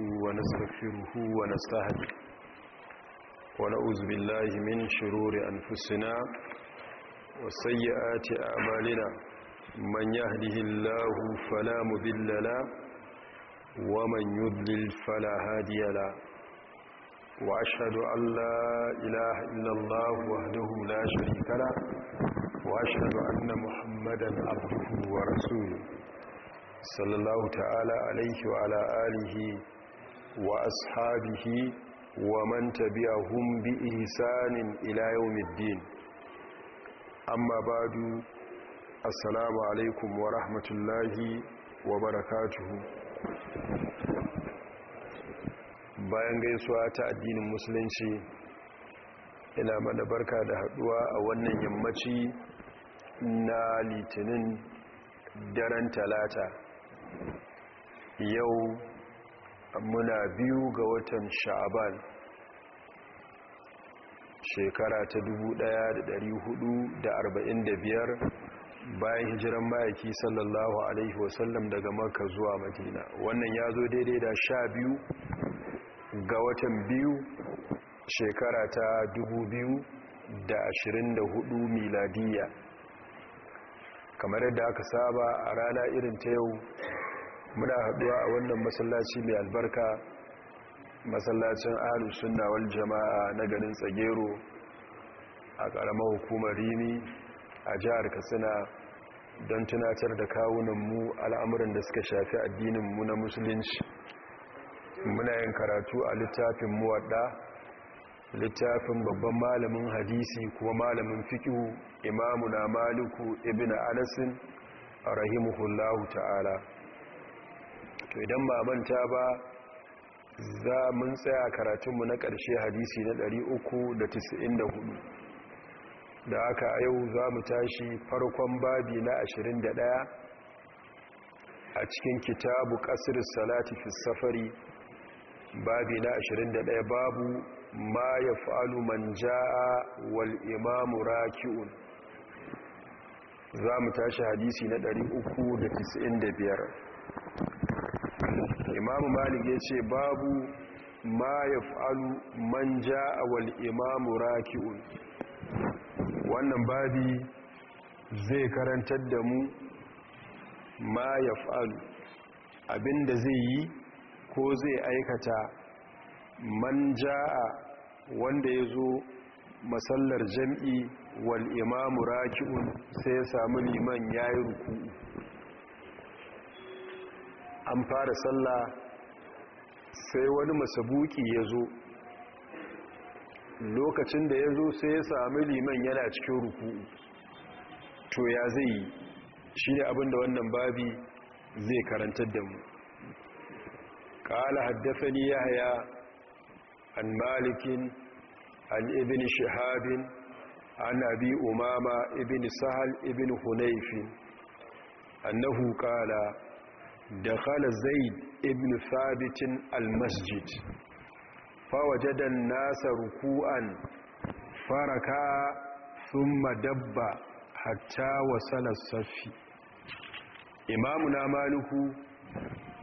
ونستغفره ونستهديه ونعوذ بالله من شرور أنفسنا وسيئات أعمالنا من يهده الله فلا مذل له ومن يذلل فلا هادي له وأشهد أن لا إله إلا الله وحده لا شريك له وأشهد أن محمدا عبده ورسوله صلى الله تعالى عليه وعلى آله wa ashabihi wa man tabi'ahum bi ihsanin ila yawmiddin amma badu assalamu alaikum wa rahmatullahi wa barakatuhu bayan gaisuwa ta addinin musulunci ina mana barka da haduwa a wannan yammaci na litinin daren talata yau muna biyu ga watan sha'aban shekara ta dubu da da da arba'in biyar bayan hijiran ma'aiki sallallahu alaihi wasallam daga maka zuwa madina wannan ya zo daidai da sha biyu ga watan biyu shekara ta dubu biyu da da ashirin 2024 miladiya kamar yadda aka saba a rana irin ta yau muna haɗuwa a wannan masallaci mai albarka masallacin ahlus sunna wal jama'a na garin tsagero a ƙaramar hukumar rini a jihar katsina don tunatar da kawunanmu al'amuran da suka shafi addininmu na musulunci muna yin karatu a littafin muwadda littafin babban malamin hadisi kuma malamin fikihu imamu na maliku ibn anasin a rahimuhullahu ta'ala to idan ba manta ba za mun tsaya karatunmu na ƙarshe hadisi na 394 da aka yau za mu tashi farkon babi na 21 a cikin kitabu ƙasir salati fi safari babi na 21 babu ma ya fa'alu man ja'a wal imamu raki'un za mu tashi hadisi na 395 imamu malik ya ce babu ma ya fa'alu man a wal imamu raki'un wannan babi zai karantar da mu ma ya fa'alu abinda zai yi ko zai aikata man ja a wanda ya zo masallar jam'i wal imamu raki'un sai ya samu liman ya yi ruku'u an fara sallah sai wani masabuki ya zo lokacin da ya zo sai ya sami liman yana cikin ruku to ya zai yi shi ne abinda wannan babi zai karantar da mu ƙala haddafani ya haya an malikin an ibini shahabin an abi umama ibini sahal ibini hunayfin annahu ƙala da kala zaid ibn sabitin almasjid fawajadan nasa ruku'an faraka sun madabba hatta wasala safi na maluku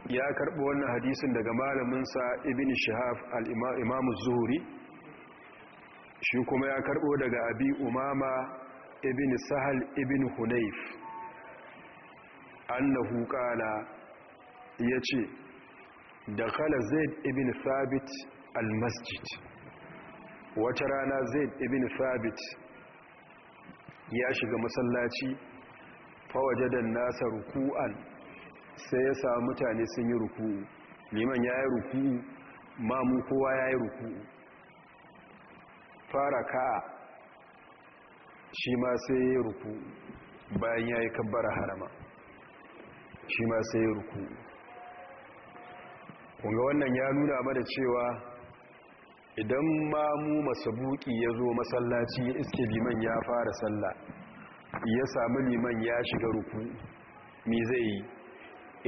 ya karɓi wannan hadisin daga malaminsa ibn shihab al zuhuri shi kuma ya karɓo daga abi umama ibn sahal ibn hunayf annahu qala ya ce da kala zaid ibn fabit al-masjid wata rana zaid ibn fabit. ya shiga masallaci da nasa ruku'an sai ya samu mutane sun yi ruku'u liman ya yi ruku'u mamu kowa ya yi ruku'u fara ka'a shi ma sai ya yi ruku'u bayan ya yi kabbar harama shi ma sai ya yi ruku'u kunga wannan ya nuna mana cewa idan mamu masabuki ya zo masallaci ya iske liman ya fara sallah ya sami liman ya shiga ruku mi zai yi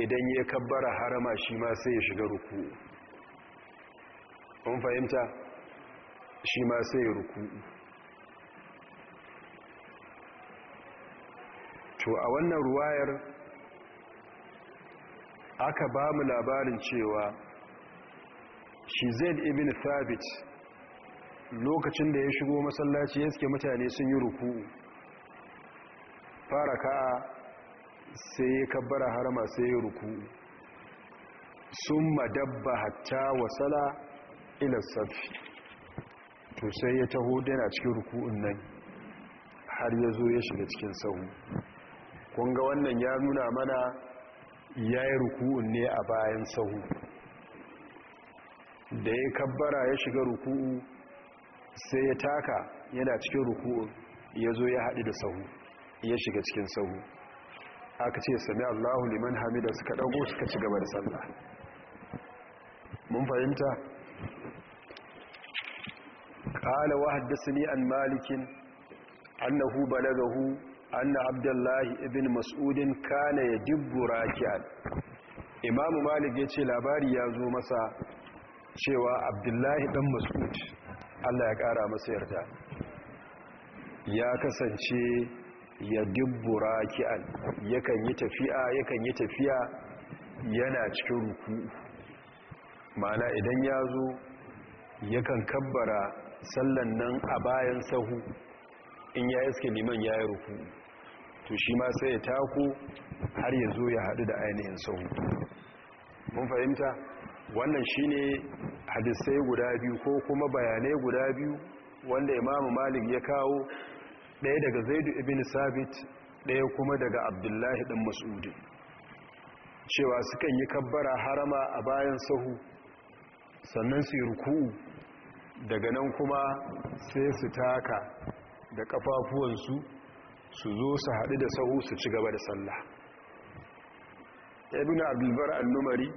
idan ya kabbara harama shi ma sai ya shiga ruku kun fahimta shi ma sai ya ruku to a wannan ruwayar aka ba mu labarin cewa shi da ibn thabit lokacin da ya shigo masallaci ya suke mutane sun yi ruku fara ka'a sai ya kabbara harama sai ya ruku sun madabba hatta wasala ilar safi to sai ya taho dana cikin ruku'un nan har ya zo ya shiga cikin sahu kunga wannan ya nuna mana ya yi ruku'un ne a bayan sahu da ya kabbara ya shiga ruku'u sai ya taka yana cikin ruku'un ya zo ya haɗu da sahu ya shiga cikin sahu aka ce sami allahu liman hamida suka ɗago suka ci gaba da sallah mun fahimta ƙala wa haddasa ni an malikin annahu balagahu anna abdullahi ibin mas'udin kana ya dibbu raki'an imamu malik ya ce labari ya zo masa cewa abdullahi ɗan mas'ud allah ya kara masa yarda ya kasance ya dibbu raki'an yakan yi tafiya yakan yi tafiya yana cikin ruku Ma'ana idan ya zo yakan kabbara sallar nan a bayan sahu in ya iske liman ya yi ruku to shi ma sai ya taku har ya zo ya haɗu da ainihin sahu mun fahimta wannan shi ne hadisai guda biyu ko kuma bayanai guda biyu wanda imamu malik ya kawo ɗaya daga zaidu ibn sabit ɗaya kuma daga abdullahi ɗan mas'udi cewa sukan yi kabbara harama a bayan sahu sannan su yi ruku daga nan kuma sai su taka da ƙafafuwansu su zo su haɗu da sahu su ci gaba da sallah ibn abdulbar al-numari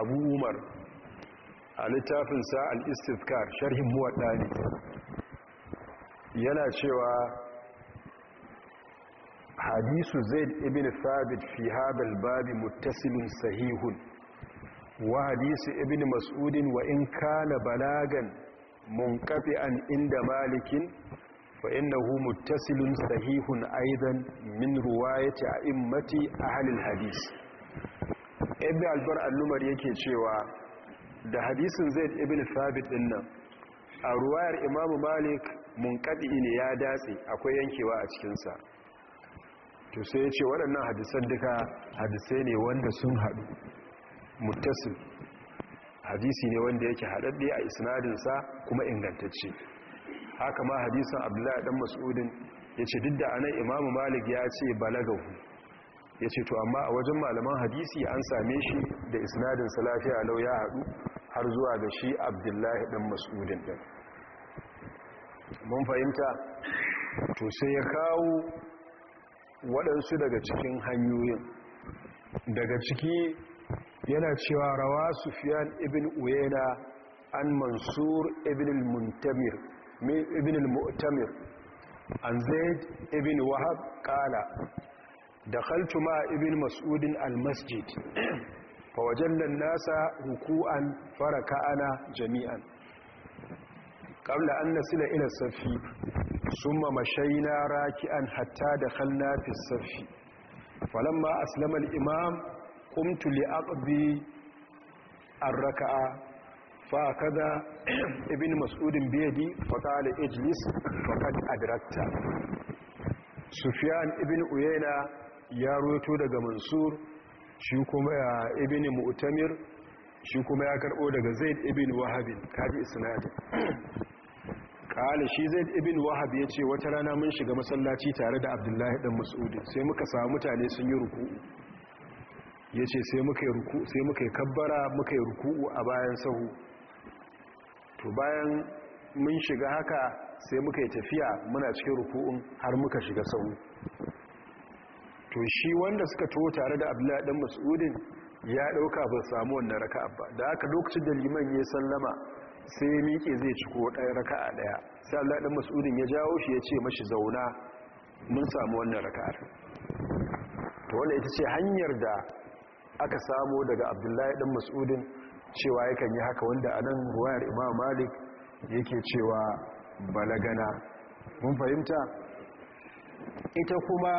abu umar a littafinsa al-istizkar sharhin muwaɗani yana cewa hadisu zaid ibn thabit fi hadal babi muttasilun sahihun wa hadisu ibn mas'udin wa in kana balagan munqati'an inda malikin muttasilun sahihun صحيح أيضا من a أئمة أهل الحديث Albar البر النمر yake cewa da hadisin Zaid ibn Thabit din nan a ruwayar Imam Malik munqadi ne ya datse akwai yankewa a cikin sa to sai yace waɗannan hadisan duka hadisai ne wanda sun hadu muttasil hadisi ne wanda yake haɗaɗɗe a isnadin sa kuma ingantacce haka ma hadisan abdullahi dan mas'udin ya ce duk da anan imamu malik ya ce balagahu ya ce to amma a wajen malaman hadisi an same shi da isnadin salafiya lau ya haɗu har zuwa ga shi abdullahi dan mas'udin ɗin mun fahimta to sai ya kawo waɗansu daga cikin hanyoyin daga ciki yana cewa rawa sufiyan ibn uyena an mansur ibn muntamir ibn al-mu'tamir an zaid ibn wahab qala dakhaltu ma ibn mas'ud al-masjid fa an-nasa ruku'an faraka'ana jami'an qabla an nasila ila safi thumma mashayna raki'an hatta dakhalna fi safi falamma aslama al-imam qumtu li aqdi ar-raka'a fa kaza ibn mas'udin biyadi faƙali ijlis Fakad adirakta sufiyan ibn uyena ya roto daga mansur shi kuma ya ibn mu'tamir shi kuma ya karɓo daga zaid ibn wahabin kaji isnadi kala shi zaid ibn wahab ya ce wata rana mun shiga masallaci tare da abdullahi dan mas'udi sai muka samu mutane sun yi ruku'u ya ce sai muka yi kabbara muka yi ruku'u a bayan sahu to bayan mun shiga haka sai muka yi tafiya muna cikin rufu'un har muka shiga sau to shi wanda suka to tare da abdullahi dan mas'udin ya ɗauka ba samu wannan raka'a ba da aka lokacin da liman ya sallama sai miƙe zai ciko ɗaya raka'a ɗaya sai abu ɗan mas'udin ya jawo shi ya ce mashi zauna mun samu wannan raka'ar to wanda ita ce hanyar da aka samu daga abdullahi ɗan mas'udin cewa yakan yi haka wanda a nan imam malik yake cewa balagana mun fahimta ita kuma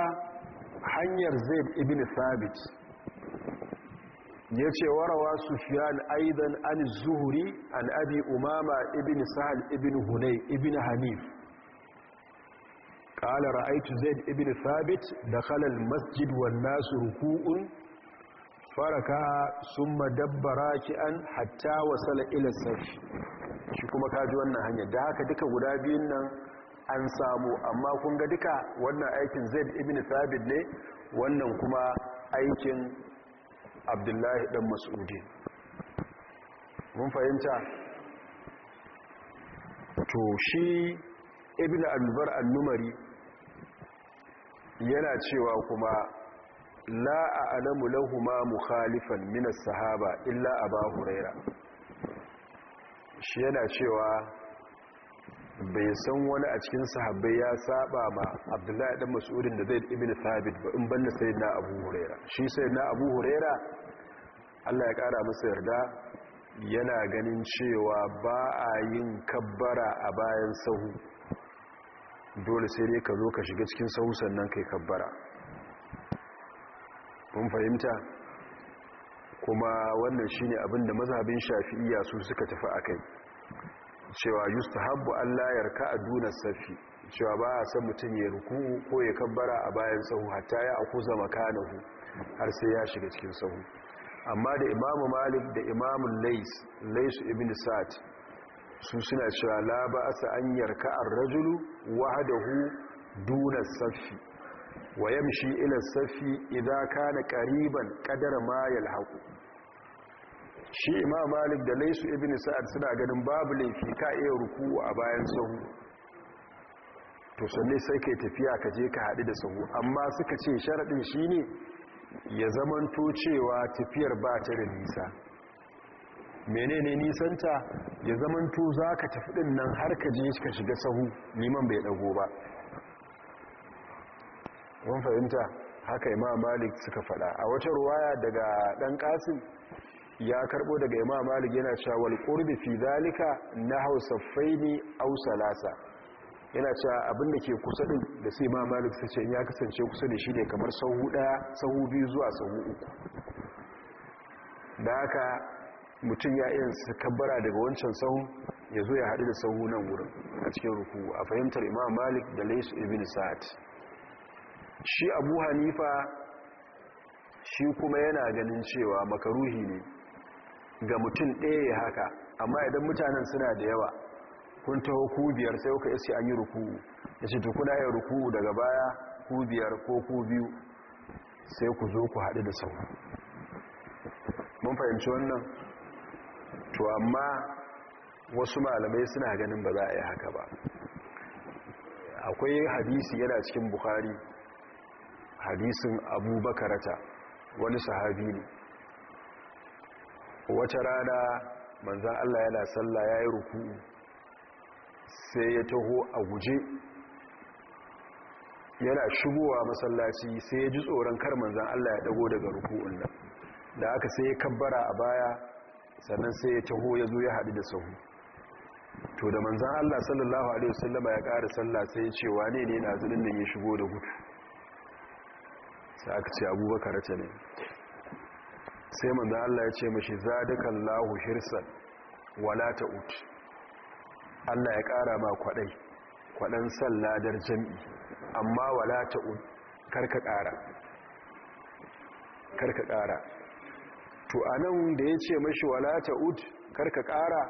hanyar zaid ibn sabit ya ce warawa sufiyan aidan an zuhuri an abi umama ibn sahal ibn hunay ibn hanif قال رأيت زيد ابن ثابت دخل المسجد والناس ركوء faraka summa dabbara an hatta wasala ila safi shi kuma kaji wannan hanyar da haka duka guda biyun nan an samu amma kun ga duka wannan aikin zaid ibini sabid ne wannan kuma aikin abdullahi dan mas'udi mun fahimta to shi ibn albar al-numari yana cewa kuma la a'lamu lahumu mukhalifan min sahaba illa aba huraira shi yana cewa bai san wani a cikin sahabbai ya saba ma abdullahi dan mas'udin da zaid ibn thabit ba in banna sayyidina abu huraira shi sayyidina abu huraira Allah ya kara masa yarda yana ganin cewa ba a yin kabbara a bayan sahu dole sai dai ka zo ka shiga cikin sahu sannan kai kabbara kun fahimta kuma wannan shine abin da mazhabin shafi'iyya su suka tafi a kai. cewa layar Allah yarka duna safi cewa ba a san mutum ya ruku ko ya kabbara a bayan sahu hatta ya akuza makanahu har sai ya shiga cikin sahu amma da imamu malik da imamu lais lais ibn Sa'ad, su suna cewa la ba asa an yarka ar-rajulu wahdahu duna safi wa yamshi ila safi idza kana qariban kadar ma yalhaqu shi imam malik da laisu ibn sa'ad suna ganin babu laifi ka iya ruku'u a bayan sahu to sanne sai kai tafiya ka je ka haɗu da sahu amma suka ce sharadin shine ya zamanto cewa tafiyar ba ta da nisa menene nisanta ya zamanto zaka tafi din nan har ka je ka shiga sahu liman bai dago ba mun fahimta haka imam malik suka fada a wata ruwaya daga dan kasin ya karbo daga imam malik yana cewa wal qurbi fi zalika nahu safaini aw salasa yana cewa abinda ke kusa din da sai imam malik sace ya kasance kusa da shi ne kamar sahu daya sahu biyu zuwa sahu uku da haka mutum ya iya su kabbara daga wancan sahu ya zo ya haɗu da sahu nan wurin a cikin ruku a fahimtar imam malik da laisu ibn sa'ad shi abu hanifa shi kuma yana ganin cewa makaruhi ne ga mutum ɗaya haka amma idan mutanen suna da yawa kun taho ku biyar sai kuka isi an yi ruku, ya ce tukuna ya ruku daga baya ku biyar ko ku biyu sai ku zo ku haɗu da sau mun fahimci wannan to amma wasu malamai suna ganin ba za a yi haka ba akwai hadisi yana cikin bukhari hadisin abubakarata wani sahabi ne wata rana manzan allah yana sallah ya yi ruku sai ya taho a guje yana shigowa masallaci sai ya ji tsoron kar manzan allah ya dago daga ruku'un nan da aka sai ya kabbara a baya sannan sai ya taho ya zo ya haɗu da sahu to da manzan allah sallallahu alaihi wasallama ya ƙara sallah sai ya ce wane ne na zunin da ya shigo da gudu sai aka ce abubakar ce ne sai manzan Allah ya ce mashi zadukan lahu hirsan wala ta'ut Allah ya ƙara ma kwadai kwaɗan san ladar jam'i amma wala ta'ut karka kara karka ƙara to a nan da ya ce mashi wala ta'ut karka ƙara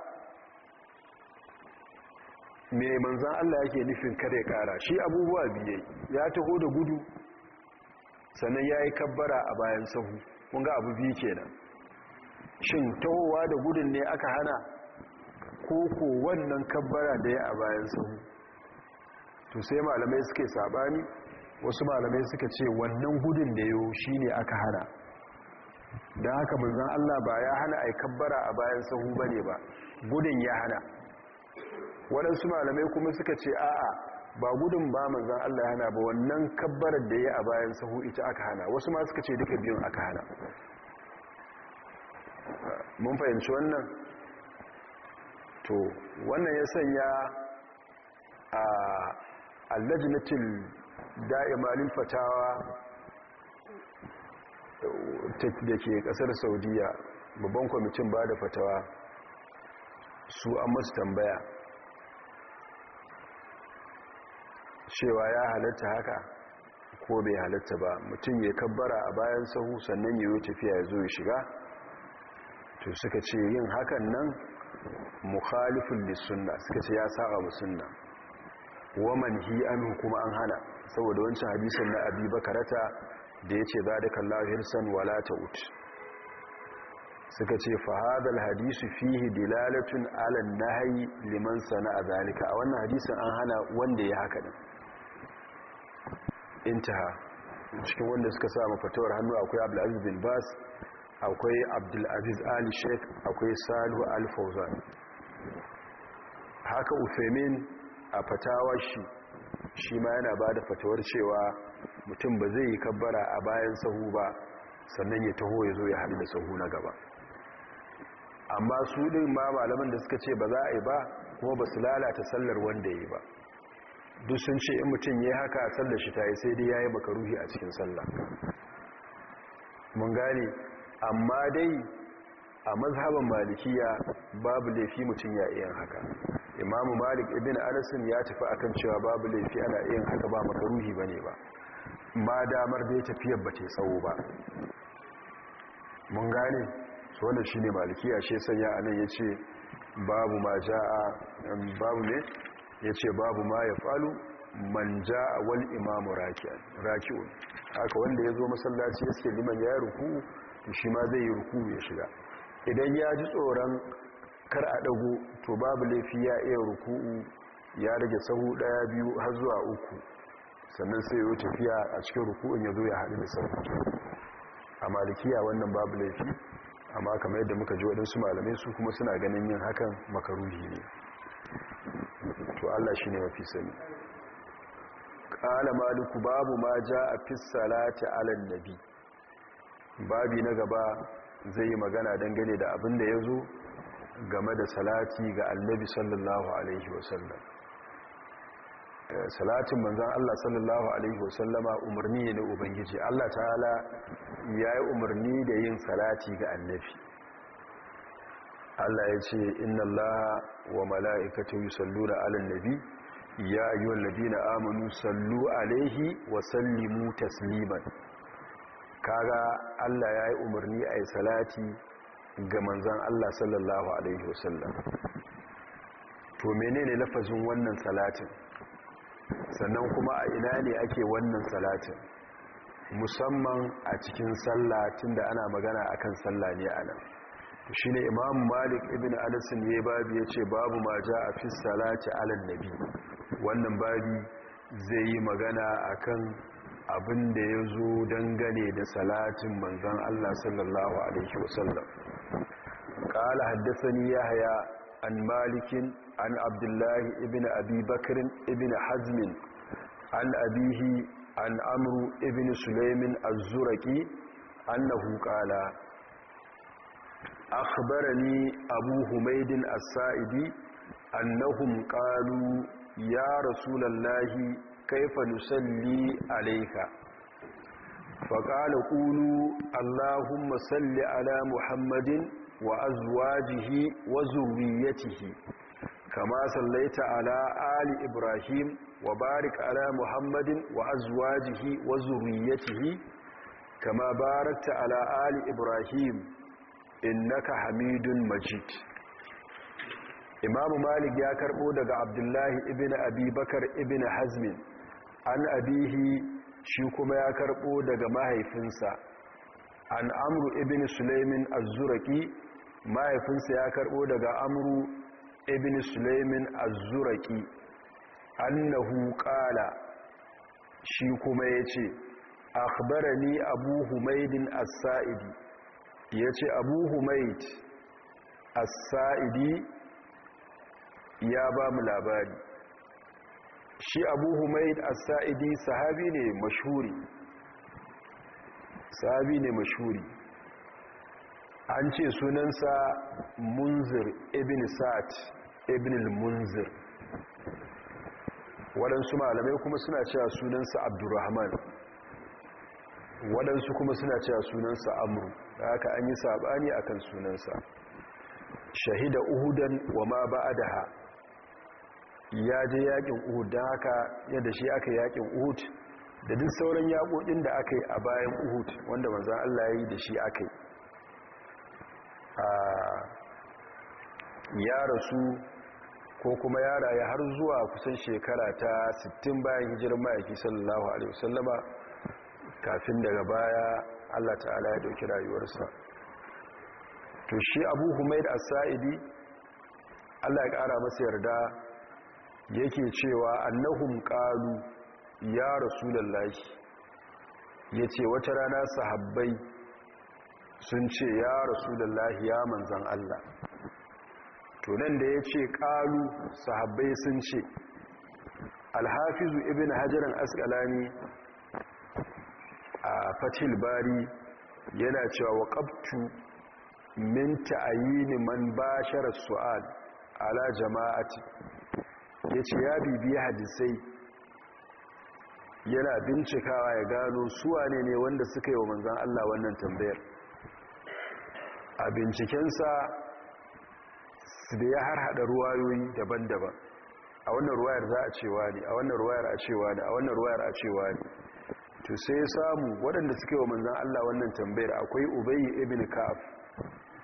mai manzan Allah yake nufin kare ƙara shi abubuwa biyai ya taho da gudu sannan ya yi kabbara a bayan sahu kunga abu biyu kenan shin tahowa da gudun ne aka hana ko ko wannan kabbara da ya a bayan sahu to sai malamai suke sabani wasu malamai suka ce wannan gudun da yau shi ne aka hana don haka manzan Allah ba ya hana a kabbara a bayan sahu ba ne ba gudun ya hana waɗansu malamai kuma suka ce a'a ba gudun ba manzan Allah hana ba wannan kabbarar da ya a bayan sahu ita aka hana wasu ma suka ce duka biyun aka hana mun fahimci wannan to wannan ya sanya a allajinatil da'imalin fatawa da ke kasar saudiya babban kwamitin ba da fatawa su an masu tambaya cewa ya halatta haka ko bai halatta ba mutum ya kabbara a bayan sahu sannan ya yi tafiya ya zo ya shiga to suka ce yin hakan nan mukhalifin suna suka ce ya saba musunna waman hi amin kuma an hana saboda wancan hadisin na abi bakarata da ya ce za da kallahu hirsan wala ta'ut suka ce fahadar hadisu fihi dilalatun alan nahayi liman sana a zalika a wannan hadisin an hana wanda ya haka ne intaha cikin wanda suka samu fatawar hannu akwai abdulaziz bin bas akwai abdulaziz ali sheikh akwai salu al haka ufemin a fatawa shi shi ma yana ba da fatawar cewa mutum ba zai yi kabbara a bayan sahu ba sannan ya taho ya zo ya haɗu da sahu na gaba amma su din ma malaman da suka ce ba za a yi ba kuma ba su lalata sallar wanda ya yi ba duk sun ce in mutum ya haka a sallar shi ta yi sai dai ya yi ruhi a cikin sallah mun gane amma dai a mazhaban malikiya babu laifi mutum ya iya haka imamu malik ibn anasin ya tafi akan cewa babu laifi ana iya haka ba maka ruhi ba ne ba ma damar da ya tafiyar ba ce tsawo ba mun gane su wanda shi ne malikiya shi sanya anan ya ce babu ma ja'a babu ne ya ce babu ma ya falu man ja a wal imamu raki'un haka wanda ya zo masallaci ya ce liman ya ruku shi ma zai yi ruku ya shiga idan ya ji tsoron kar a dago to babu laifi ya iya ruku'u ya rage sahu daya biyu har zuwa uku sannan sai ya tafiya a cikin ruku'un ya zo ya haɗu da sahu a malikiya wannan babu laifi amma kamar yadda muka ji waɗansu malamai su kuma suna ganin yin hakan makaruhi ne Allah shi ne mafi sani ƙala maliku babu ma ja a fissalati alan nabi babi na gaba zai yi magana dangane da abin da ya zo game da salati ga annabi sallallahu alaihi wasallam eh, salatin manzan Allah sallallahu alaihi wasallama umarni ne na ubangiji Allah ta'ala ya yi umarni da yin salati ga annabi Allah ya ce inna Allah wa mala'ikatu da 'alan nabi ya ayyuhal na amanu sallu 'alaihi wa sallimu tasliman kaga Allah ya yi umarni a yi salati ga manzan Allah sallallahu alaihi wasallam to menene lafazin wannan salatin sannan kuma a ina ne ake wannan salatin musamman a cikin sallah da ana magana akan sallah ne nan. shi ne imam malik ibn alisun ya babu ya ce babu ma ja a fi salati alan nabi wannan babi zai yi magana a kan abin da ya zo dangane da salatin manzan allah sallallahu alaihi wasallam ƙala haddasani ya haya an malikin an abdullahi ibn abi bakirin ibn hazmin an abihi an amuru ibn sulaimin azuraki an annahu ƙala akhbarani abu humaidin asa'idi saidi annahum qalu ya rasulallahi kaifa nusalli alayka faqala qulu allahumma salli ala muhammadin wa azwajihi wa zurriyyatihi kama sallaita ala ali ibrahim wa barik ala muhammadin wa azwajihi wa zurriyyatihi kama barakta ala ali ibrahim innaka hamidun majid imamu malik ya karbo daga abdullahi ibn abubakar ibn hazmin an abihi shi kuma ya karbo daga mahaifinsa an amru ibn sulaimin az mahaifinsa ya karbo daga amru ibn sulaimin az An annahu qala shi kuma ya ce, yace ni abu humaydin as-sa'idi ya ce abu humait a saidi ya ba mu labari shi abu humait a saidi sahabi ne mashuri. sahabi ne mashuri. an ce sunansa munzir ibn sa'ad ibn munzir waɗansu malamai kuma suna cewa sunansa abdurrahman waɗansu kuma suna cewa sunansa amru da haka an yi saɓani a kan sunansa shahida uhudan wa ma ba da ha ya je yaƙin uhud da haka yadda shi aka yakin uhud da duk sauran yaƙoƙin da aka yi a bayan uhud wanda manzan allah ya yi da shi aka yi ah, ya rasu ko kuma ya rayu har zuwa kusan shekara ta 60 bayan hijirar ma'aiki sallallahu alaihi wasallama kafin daga baya Allah ta'ala ya dauki rayuwarsa to shi Abu Humaid As-Sa'idi Allah ya kara masa yarda yake cewa annahum qalu ya rasulullahi yace wata rana sahabbai sun ce ya rasulullahi ya manzan Allah to nan da yace qalu sahabbai sun ce Alhafizu ibn Hajar al-Asqalani fatil bari yana cewa wa ƙabtu min ta'ayini man bashara su'al ala jama'ati ya ce ya bibiya hadisai yana bincikawa ya gano suwa ne wanda suka yi wa manzan Allah wannan tambayar a bincikensa su da ya harhaɗa ruwayoyi daban-daban a wannan ruwayar za a cewa ne a wannan ruwayar a cewa ne a wannan ruwayar a cewa ne to sai ya samu waɗanda suke wa manzan Allah wannan tambayar akwai ubayi ibn ka'af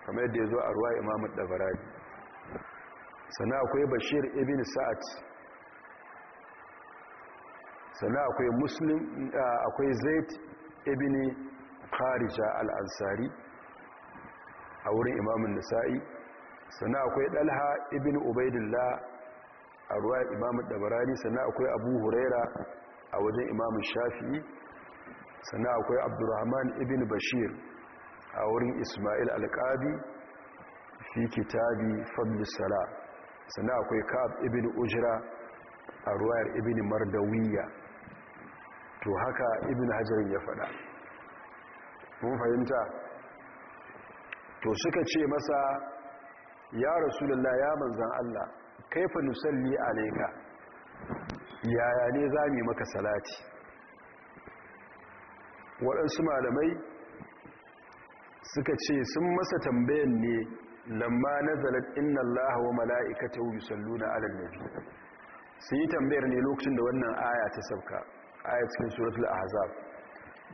kamar yadda ya zo a ruwa imamu dabarari sana akwai bashir ibn sa'ad sana akwai muslim akwai zaid ibn kharija al-ansari a wurin imamun nisa'i sana akwai dalha ibn ubaidillah a ruwa imamu dabarari sana akwai abu huraira a wajen imamun shafi'i sannan akwai abdurrahman ibn bashir a wurin ismail alƙadi fi kitabi Sala. sannan akwai ka'ab ibn ujira a ruwayar ibn mardawiya to haka ibn hajjarin ya faɗa mun fahimta to suka ce masa ya rasulullah ya manzan allah kaifa nusalli alaika yaya ne za mu yi maka salati waɗansu malamai suka ce sun masa tambayan ne lamma na inna Allah wa mala'ikatahu yusalluna 'alan nabi sun yi tambayar ne lokacin da wannan aya ta sauka aya cikin suratul ahzab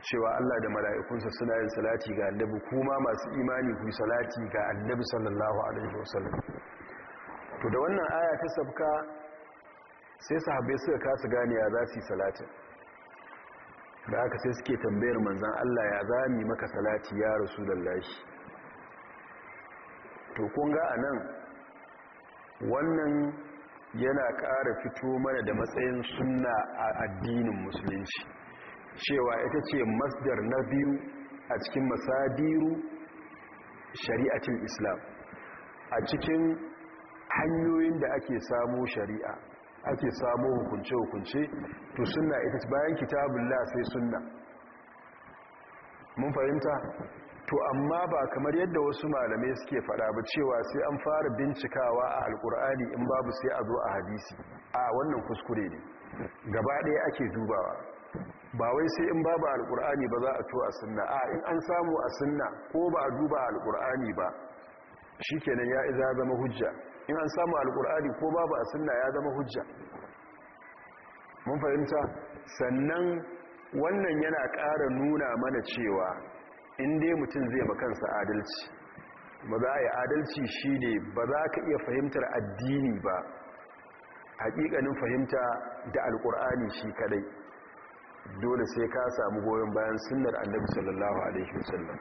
cewa Allah da mala'ikunsa suna yin salati ga annabi kuma masu imani ku salati ga annabi sallallahu alaihi wasallam to da wannan aya ta sauka sai sahabbai suka kasa gane ya za su yi salatin da aka sai suke tambayar manzan Allah ya zami maka salati ya rasu lallashi to kunga a nan wannan yana ƙara fito mana da matsayin sunna a addinin musulunci cewa ita ce masdar na biyu a cikin masadiru shari'atin islam a cikin hanyoyin da ake samu shari'a ake samu hukunce-hukunce to suna ita bayan kitabun la sai suna mun fahimta to amma ba kamar yadda wasu malamai suke fada ba cewa sai an fara bincikawa a alkur'ani in babu sai a zo a hadisi a wannan kuskure ne gaba ɗaya ake dubawa ba wai sai in babu alkur'ani ba za a to a sunna a in an samu a sunna ko ba a duba alkur'ani ba shi kenan ya iza zama hujja in an samu alkur'ani ko babu a sunna ya zama hujja mun fahimta sannan wannan yana ƙara nuna mana cewa inda mutum zai makansa adalci ba za a yi adalci shi ne ba za ka iya fahimtar addini ba hakikanin fahimta da alkur'ani shi kadai dole sai ka samu goyon bayan sunnar annabi sallallahu alaihi wasallam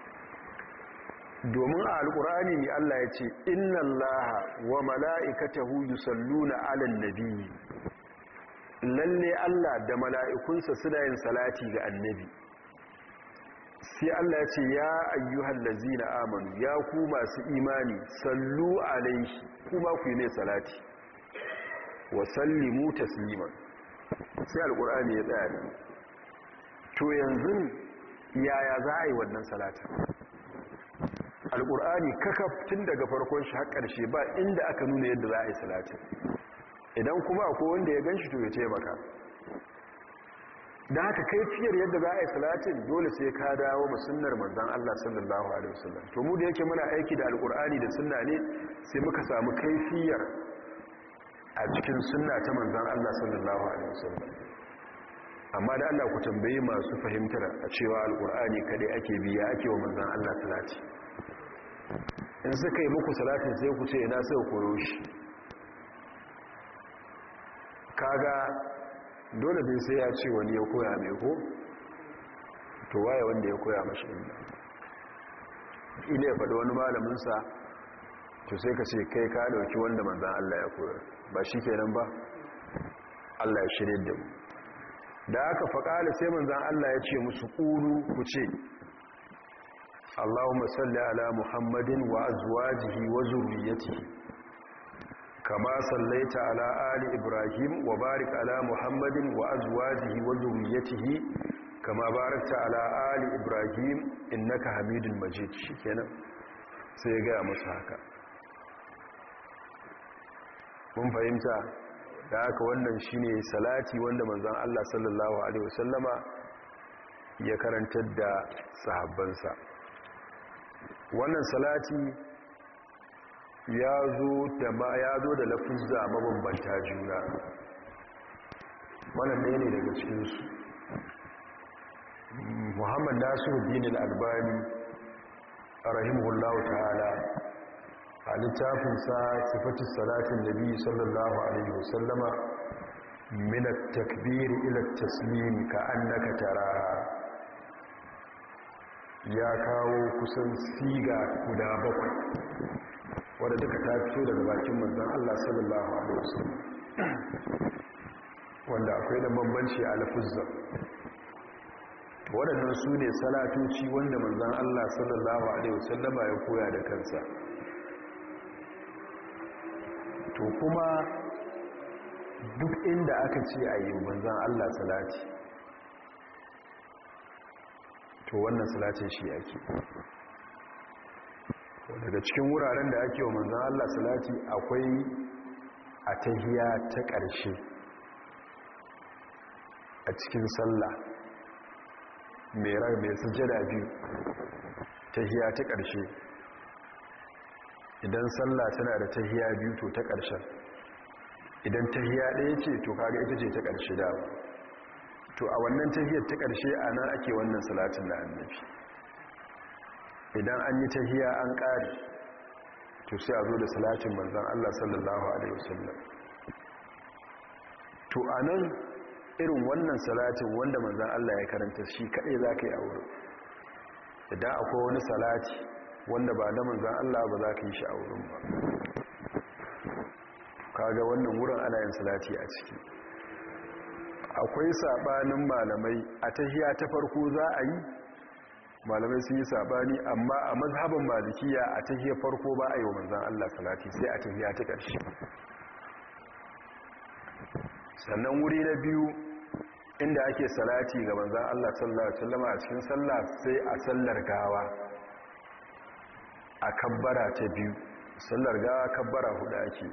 domin a alkur'ani ne Allah ya ce inna Allah wa mala'ikatahu alin 'alan biyu. lalle Allah da mala'ikunsa suna yin salati ga annabi sai Allah ya ce ya ayyuhal na amanu ya ku masu imani sallu alaihi kuma ku yi ne salati wa sallimu tasliman sai alkur'ani ya tsaya to yanzu yaya za a yi wannan salatin alkur'ani kakaf tun daga farkon shi har ƙarshe ba inda aka nuna yadda za a yi salatin idan kuma akwai wanda ya gan shi to ya ce baka da haka kai fiyar yadda za a yi salatin dole sai ka dawo ma sunnar manzon Allah sallallahu alaihi wasallam to mu da yake muna aiki da alkur'ani da sunna ne sai muka samu kaifiyar a cikin sunna ta manzon Allah sallallahu alaihi wasallam amma da Allah ku tambayi masu fahimtar a cewa alkur'ani kaɗai ake biya ake wa manzon Allah salati in suka yi muku salatin sai ku ce ina sai ku roshi kaga dole bin sai ya ce wani ya koya mai ko to waye wanda ya koya mashi inda ile ya faɗi wani malaminsa to sai ka ce kai ka ɗauki wanda manzan Allah ya koya ba shi kenan ba Allah ya shirye da mu da aka faƙa sai manzan Allah ya ce musu ƙuru ku ce Allahumma salli ala Muhammadin وازواجه azwajihi كما صليت kama sallaita ala وبارك Ibrahim wa barik ala Muhammadin باركت على wa ابراهيم kama barakta ala ali Ibrahim innaka Hamidul sai ya gaya musu haka mun fahimta da haka wannan shine salati wanda manzon Allah sallallahu alaihi wasallama ya karantar da sahabbansa wannan salati ya zo da ma ya zo da lafuzza mabambanta juna wannan ne ne daga cikinsu muhammad nasiru dinin albani rahimahullahu ta'ala a littafinsa sifatis salatin nabi sallallahu alaihi wasallama min at-takbir ila at-taslim ka annaka ya kawo kusan siga guda bakwai wadda duka ta fito daga bakin manzan Allah sallallahu alaihi wasallam wanda akwai da bambanci a lafuzza waɗannan su ne salatoci wanda manzan Allah sallallahu alaihi wasallama ya koya da kansa to kuma duk inda aka ce a yi manzan Allah salati to wannan salatin shi ake daga cikin wuraren da ake wa manzan Allah salati akwai a tahiya ta ƙarshe a cikin sallah mai mai jada biyu tahiya ta ƙarshe idan sallah tana da tahiya biyu to ta ƙarshen idan tahiya ɗaya ce to kaga ita ce ta ƙarshe da. to a wannan tafiyar ta ƙarshe a nan ake wannan salatin na annabi idan an yi tafiya an ƙari to sai a zo da salatin manzan Allah sallallahu alaihi wasallam to a nan irin wannan salatin wanda manzan Allah ya karanta shi kaɗai za ka yi a wurin idan akwai wani salati wanda ba da manzan Allah ba za ka yi shi a wurin ba kaga wannan wurin ana yin salati a ciki akwai sabanin malamai a tahiya ta farko za a yi malamai sun yi sabani amma a mazhabin malikiya a tahiya farko ba a yi wa manzan Allah salati sai a tahiya ta ƙarshe sannan wuri na biyu inda ake salati ga manzan Allah sallallahu alaihi wasallam a cikin sallah sai a sallar gawa a kabbara ta biyu sallar gawa kabbara hudu ake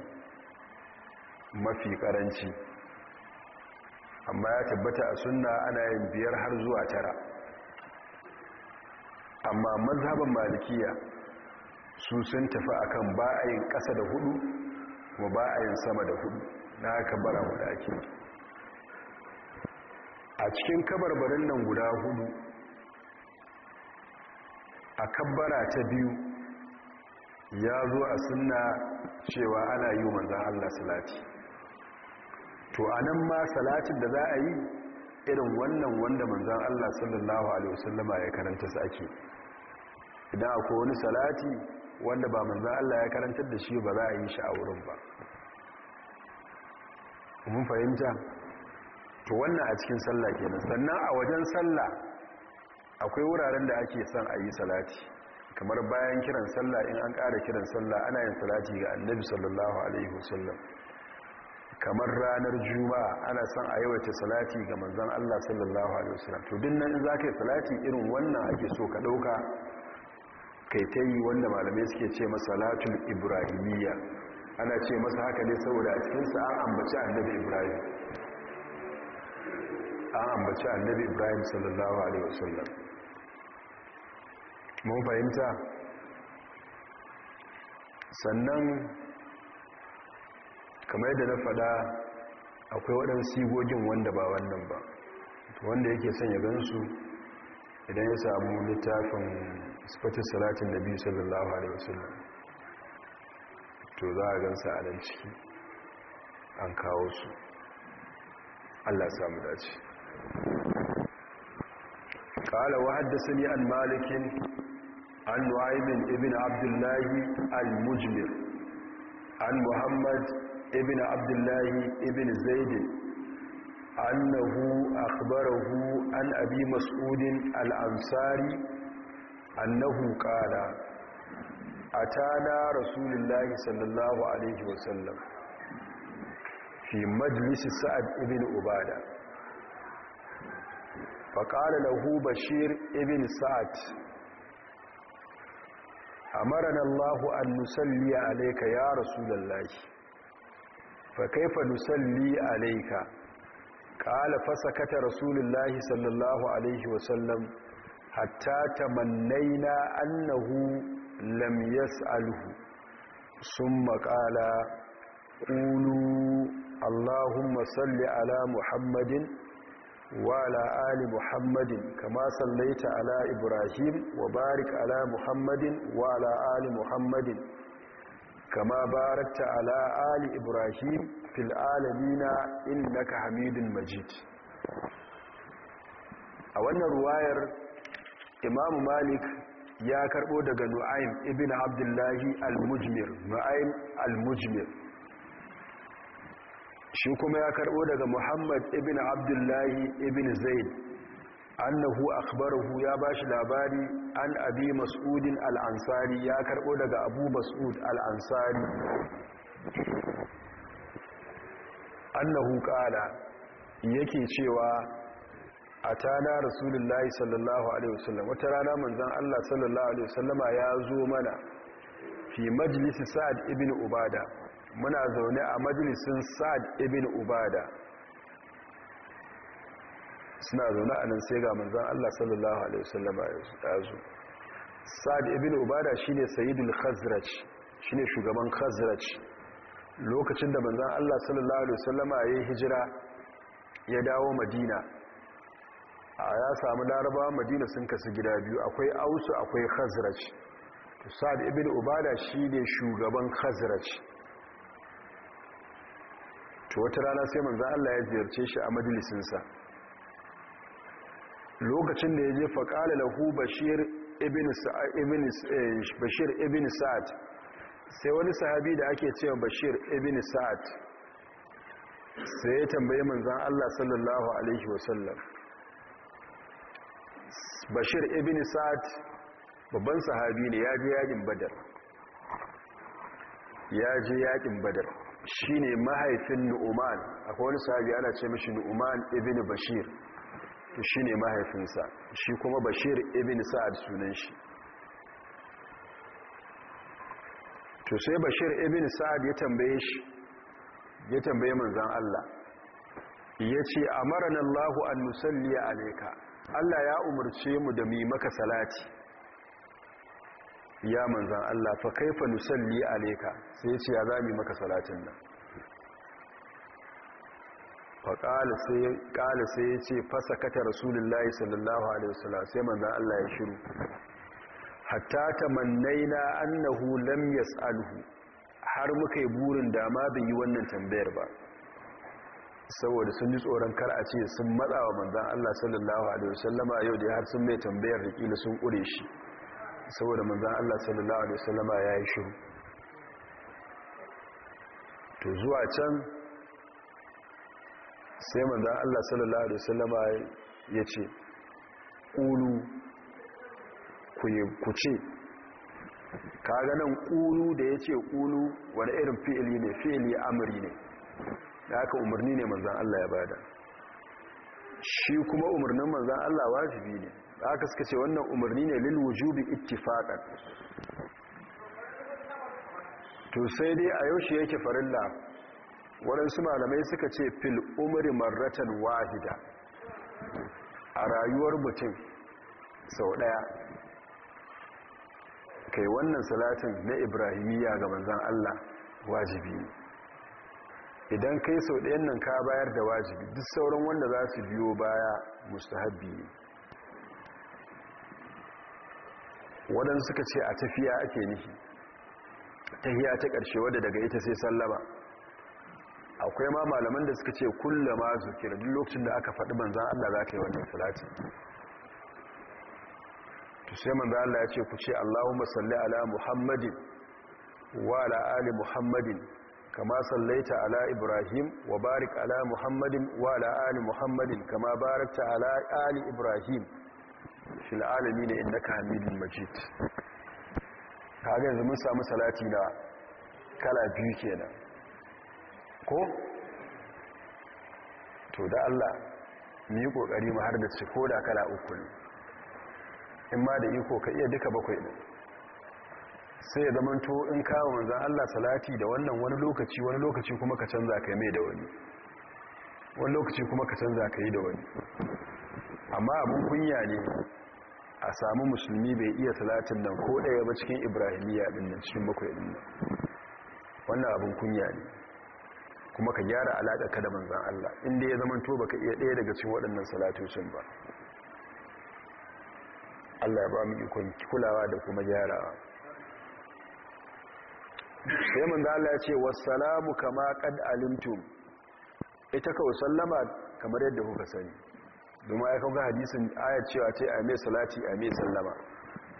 mafi karanci amma ya tabbata a suna ana yin biyar har zuwa tara amma mazhaban malikiya su sun tafi kan ba a yin ƙasa da hudu kuma ba a yin sama da hudu na haka bara guda ake a cikin kabarbarin nan guda hudu a kabbara ta biyu ya zo a suna cewa ana yi manzan Allah salati to a nan ma salatin da za a yi irin wannan wanda manzan Allah sallallahu alaihi wasallama ya karanta su ake idan akwai wani salati wanda ba manzan Allah ya karantar da shi ba za a yi shi a wurin ba mun fahimta to wannan a cikin sallah kenan sannan a wajen sallah akwai wuraren da ake son a yi salati kamar bayan kiran sallah in an ƙara kiran sallah ana yin salati ga annabi sallallahu alaihi wasallam kamar ranar juma'a ana son a yawace salati ga manzon Allah sallallahu alaihi wasallam to din nan in zaka yi salati irin wannan ake so ka dauka kai ta yi wanda malamai suke ce masalatul ibrahimiyya ana ce masa haka ne saboda a cikinsa sa an ambaci annabi ibrahim an ambaci annabi ibrahim sallallahu alaihi wasallam mun fahimta sannan kamar yadda na faɗa akwai waɗanda sigogin wanda ba wannan ba wanda yake son ya gansu idan ya samu littafin sifatin salatin da biyu sallallahu alaihi wasallam to za a gansa a nan ciki an kawo su allah samu dace قال وحدثني عن مالك عن نعيم بن عبد الله المجمر عن محمد ibn abdullahi ibn zaidin annahu akhbarahu an abi mas'udin al-ansari annahu qala atana rasulullahi sallallahu alaihi wasallam fi majlis sa'ad ibn ubada faqala lahu bashir ibn sa'ad amarana Allah an nusalli alayka ya rasulullahi fa kaifa nusalli alayka qala fasakata rasulullahi sallallahu alaihi wasallam hatta tamannaina annahu Lamyas, Alhu sun maƙala. qulu allahumma salli ala muhammadin وعلى آل محمد كما صليت على إبراهيم وبارك على محمد وعلى آل محمد kama barakta ala ali ibrahim fil alamina innaka hamidun majid a wannan ruwayar imamu malik ya karbo daga nu'aym ibn abdullahi al-mujmir nu'aym al-mujmir shi kuma ya karbo daga muhammad ibn abdullahi ibn zaid annahu akhbarahu ya bashi labari an abi mas'udin al-ansari ya karbo daga abu mas'ud al-ansari annahu qala yake cewa atana rasulullahi sallallahu alaihi wasallam wata rana manzon Allah sallallahu alaihi wasallama ya zo mana fi majlisi sa'ad ibn ubada muna zaune a majlisin sa'ad ibn ubada suna zaune a nan sai ga manzan Allah sallallahu alaihi wasallam ya zo sa'ad ibn ubada shine sayidul khazraj ne shugaban khazraj lokacin da manzan Allah sallallahu alaihi wasallam ya hijira ya dawo madina a ya samu larabawa madina sun kasu gida biyu akwai ausu akwai khazraj sa'ad ibn ubada ne shugaban khazraj to wata rana sai manzan Allah ya ziyarce shi a majalisinsa lokacin da ya je faƙala lahu eh, bashir ibn sa'ad sai wani sahabi da ake cewa bashir ibn sa'ad sai ya tambaye manzan Allah sallallahu Alaihi wasallam bashir ibn sa'ad babban sahabi ne ya je yakin badar ya je yakin badar shi ne mahaifin nu'uman akwai wani sahabi ana ce mashi nu'uman ibn bashir shi ne mahaifinsa shi kuma bashir ibn sa'ad sunan shi to sai bashir ibn sa'ad ya tambaye shi ya tambaye manzan Allah ya ce amarana Allah an nusalli alayka Allah ya umarce mu da mu maka salati ya manzan Allah fa kaifa nusalli alayka sai ya ce ya zami maka salatin nan faƙali sai ya ce fasa kata rasulullahi sallallahu alaihi wasallam sai manzan Allah ya shiru hatta na annahu lam yas'alhu har muka yi burin da ma bin yi wannan tambayar ba saboda sun ji tsoron kar a ce sun matsa wa manzan Allah sallallahu alaihi wasallama yau da har sun mai tambayar da kila sun ƙure shi saboda manzan Allah sallallahu alaihi wasallam ya yi shiru to zuwa can sai manzan Allah sallallahu Alaihi wasallama ya ce ƙulu ku ce ka ganin ƙulu da ya ce ƙulu wani irin fi'ili ne fi'ili amuri ne da aka umarni ne manzan Allah ya bada shi kuma umarnin manzan Allah wajibi ne da aka suka ce wannan umarni ne lil wujubi ittifaqan to sai dai a yaushe yake farilla waɗansu malamai suka ce fil umri marratan wahida a rayuwar mutum sau ɗaya kai wannan salatin na ibrahimiyya ga manzan Allah wajibi ne idan kai sau ɗayan nan ka bayar da wajibi duk sauran wanda za su biyo baya mustahabbi ne waɗansu suka ce a tafiya ake nihi tahiya ta ƙarshe wadda daga ita sai sallama akwai ma malaman da suka ce kullama zukira duk lokacin da aka faɗi manzan Allah za ka yi wannan salati to sai manzan Allah ya ce ku ce Allahumma salli ala Muhammadin wa ala ali Muhammadin kama sallaita ala Ibrahim wa barik ala Muhammadin wa ala ali Muhammadin kama barakta ala ali Ibrahim fil alamin innaka Hamidul Majid ga yanzu mun samu salati na kala biyu kenan ko to da Allah mu yi kokari mu har da ci ko da kala uku ne in ma da iko ka iya duka bakwai ne sai ya zamanto in kawo manzan Allah salati da wannan wani lokaci wani lokaci kuma ka canza ka mai da wani wani lokaci kuma ka canza ka yi da wani amma abun kunya ne a samu musulmi bai iya talatin nan ko ɗaya ba cikin ibrahimiyya ɗin nan cikin bakwai ɗin nan wannan abin kunya ne kuma ka gyara alaƙa ka da manzan Allah inda ya zama to ka iya ɗaya daga cikin waɗannan salatocin ba Allah ya ba mu ikon kulawa da kuma gyarawa sai manzan Allah ya ce wassalamu kama ƙad alimtum ita kawai sallama kamar yadda kuka sani domin ya kawo hadisin aya cewa ce a mai salati a mai sallama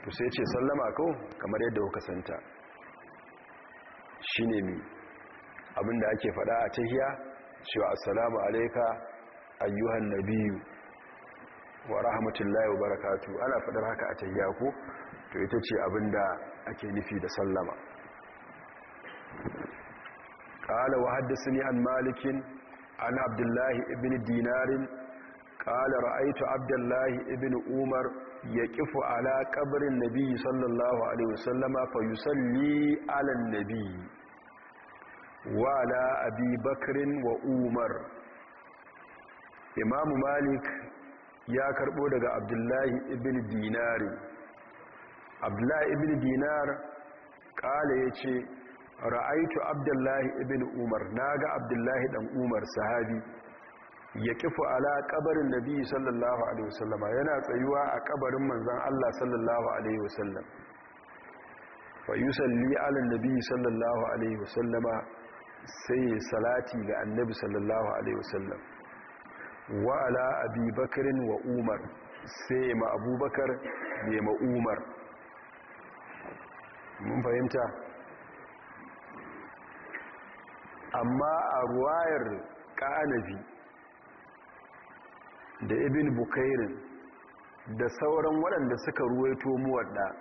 to sai ce sallama kawo kamar yadda kuka santa Shi ne mai abinda ake fada a tahiya cewa assalamu alaika ayyuhan nabiyyu wa rahmatullahi wa barakatu ana fadar haka a tahiya ko to ita ce abinda ake nufi da sallama قال وحدثني عن مالك عن عبد الله ابن دينار قال رأيت عبد الله ابن عمر يقف على قبر النبي صلى الله عليه وسلم فيصلي على النبي wala abi bakrin wa umar imamu malik ya karbo daga abdullahi ibn dinari abdullahi ibn dinar kala ya ce ra'aitu abdullahi ibn umar na ga abdullahi dan umar sahabi ya kifu ala kabarin nabi sallallahu alaihi wasallama yana tsayuwa a kabarin manzan allah sallallahu alaihi wasallam fa yusalli ala nabi sallallahu alaihi wasallama sai salati ga annabi sallallahu alaihi wasallam wa ala abi wa umar sai ma abubakar ya ma umar mun fahimta amma a ruwayar ƙanabi da ibn bukairin da sauran waɗanda suka ruwaito muwadda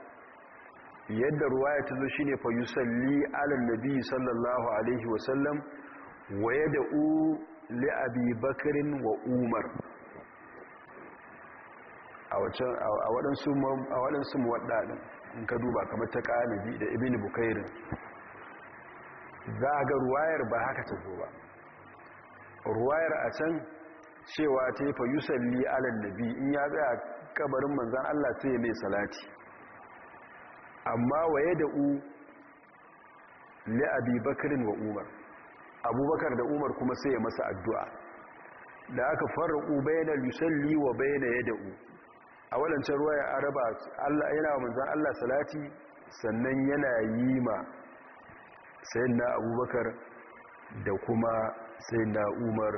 yadda ruwaya ta zo shi shine fa yusalli alal nabi sallallahu alaihi wasallam wa da li abi Bakirin wa umar a waɗansu a in ka duba kamar ta qanabi da ibini bukairin za a ga ruwayar ba haka ta zo ba ruwayar a can cewa ta yi fa yusalli alal nabi in ya a kabarin manzon Allah sai ya mai salati amma waye da u li wa umar abubakar da umar kuma sai ya masa addu'a da aka fara farraku bayanar yusalli wa bayana ya da'u. u a wadancan ruwa ya araba yana wa manzan allah salati sannan yana yi ma sayin na abubakar da kuma sayin na umar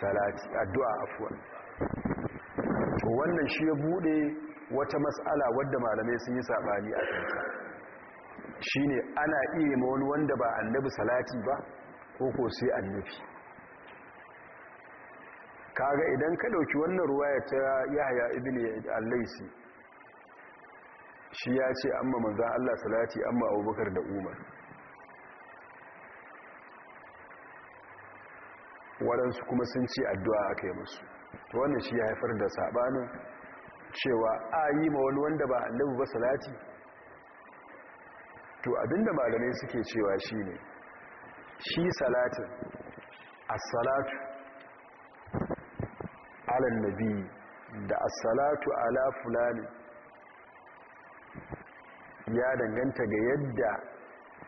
salati addu'a afuwa wannan shi ya bude wata matsala wadda malamai sun yi saɓani a kanta shi ne ana iya ma wani wanda ba annabi salati ba ko ko sai annabi kaga idan ka ɗauki wannan ruwaya ta yahaya ibini al-laisi shi ya ce amma manzan allah salati amma abubakar da umar waɗansu kuma sun ce addu'a aka yi musu wannan shi ya haifar da saɓanin cewa a yi ma wani wanda ba annabi ba salati to abinda malamai suke cewa shine shi salatin as-salatu ala nabi da as-salatu ala fulani ya danganta ga yadda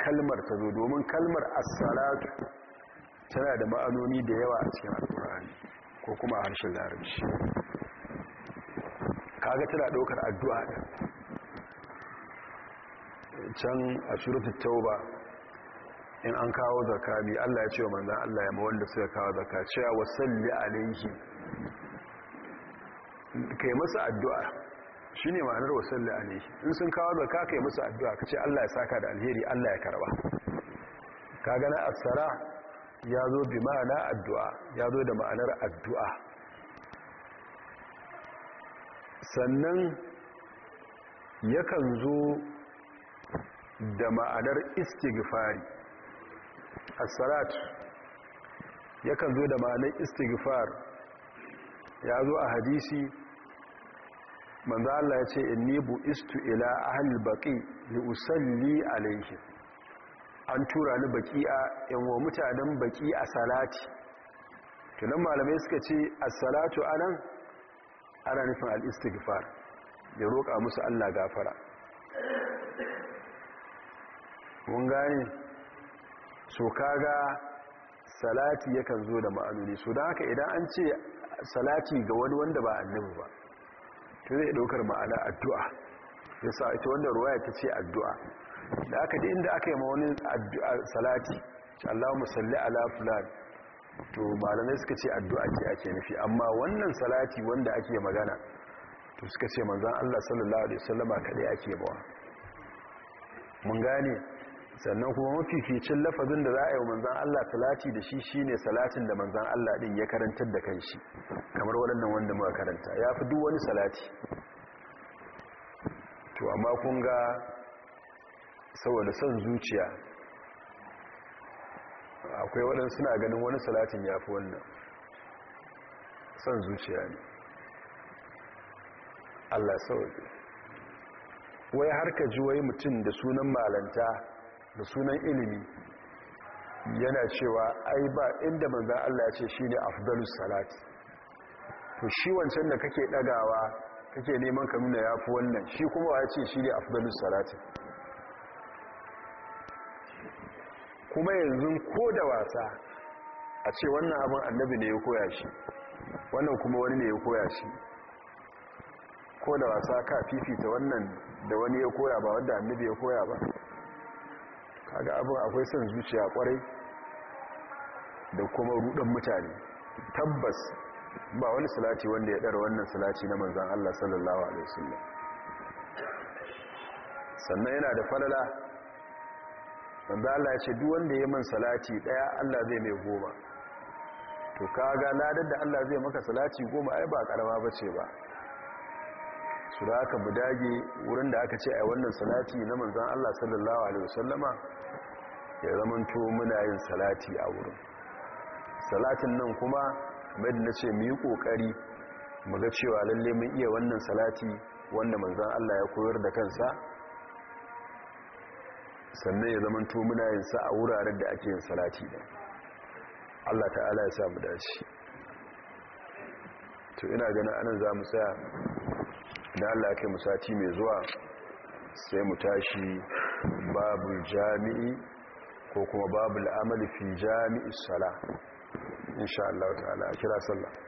kalmar ta zo domin kalmar as-salatu tana da ma'anoni da yawa a cikin alkur'ani ko kuma a harshen larabci kaga tana daukar addu'a din can a suratul tauba in an kawo zakka bi Allah ya ce wa manzon Allah ya ma wanda suka kawo zakka cewa wasalli alaihi kai masa addu'a shine ma'anar wasalli alaihi in sun kawo zakka kai masa addu'a kace Allah ya saka da alheri Allah ya karba kaga na asara ya zo bi ma'ana addu'a ya zo da ma'anar addu'a sannan yakan zo da ma'anar gifari a salat yakan zo da ma'anar gifari ya zo a hadisi manzo Allah ya ce in nebu istu ila ahli baqi ni usalli alayhi an tura ni baƙi yan wa mutanen baƙi a salati tunan malamai suka ce a salatu anan ana nufin al'istighfar ya roƙa musu Allah gafara mun gane so kaga salati yakan zo da ma'anoni so da haka idan an ce salati ga wani wanda ba annabi ba to zai daukar ma'ana addu'a sa ita wanda ruwaya ta ce addu'a da haka da inda aka yi ma wani salati Allahumma salli ala fulani to malamai suka ce addu'a ce ake nufi amma wannan salati wanda ake magana to suka ce manzan Allah sallallahu alaihi wasallama kadai ake bawa mun gane sannan kuma mafificin lafazin da za a yi wa manzan Allah salati da shi shi ne salatin da manzan Allah ɗin ya karantar da shi kamar waɗannan wanda muka karanta ya fi duk wani salati to amma kun ga saboda son zuciya akwai waɗansu suna ganin wani salatin ya fi wannan son zuciya ne allah sauƙi wai har ka ji wai mutum da sunan malanta da sunan ilimi yana cewa ai ba inda manzan allah ya ce shi ne afdalus salati to shi wancan da kake ɗagawa kake neman ka nuna ya fi wannan shi kuma wa ce shi ne afdalus salati kuma yanzu ko da wasa a ce wannan abin annabi ne ya koya shi wannan kuma wani ne ya koya shi ko da wasa ka fifita wannan da wani ya koya ba wanda annabi ya koya ba kaga abin akwai son zuciya kwarai da kuma rudan mutane tabbas ba wani salati wanda ya ɗara wannan salati na manzan Allah sallallahu alaihi wasallam sannan yana da falala wanda Allah ya ce duk wanda ya man salati daya Allah zai mai goma to kaga ladar da Allah zai maka salati goma ai ba karama bace ba su da aka budage wurin da aka ce ai wannan salati na manzon Allah sallallahu alaihi wasallama ya zamanto muna yin salati a wurin salatin nan kuma kamar da nace mu yi kokari mu ga cewa lalle mun iya wannan salati wanda manzon Allah ya koyar da kansa sannan ya zama to muna yin sa a wuraren da ake yin salati da Allah ta'ala ya samu dace to ina ganin anan za mu tsaya idan Allah ya kai mu sati mai zuwa sai mu tashi babu jami'i ko kuma babu al'amali fi jami'i sala insha Allah ta'ala kira sallah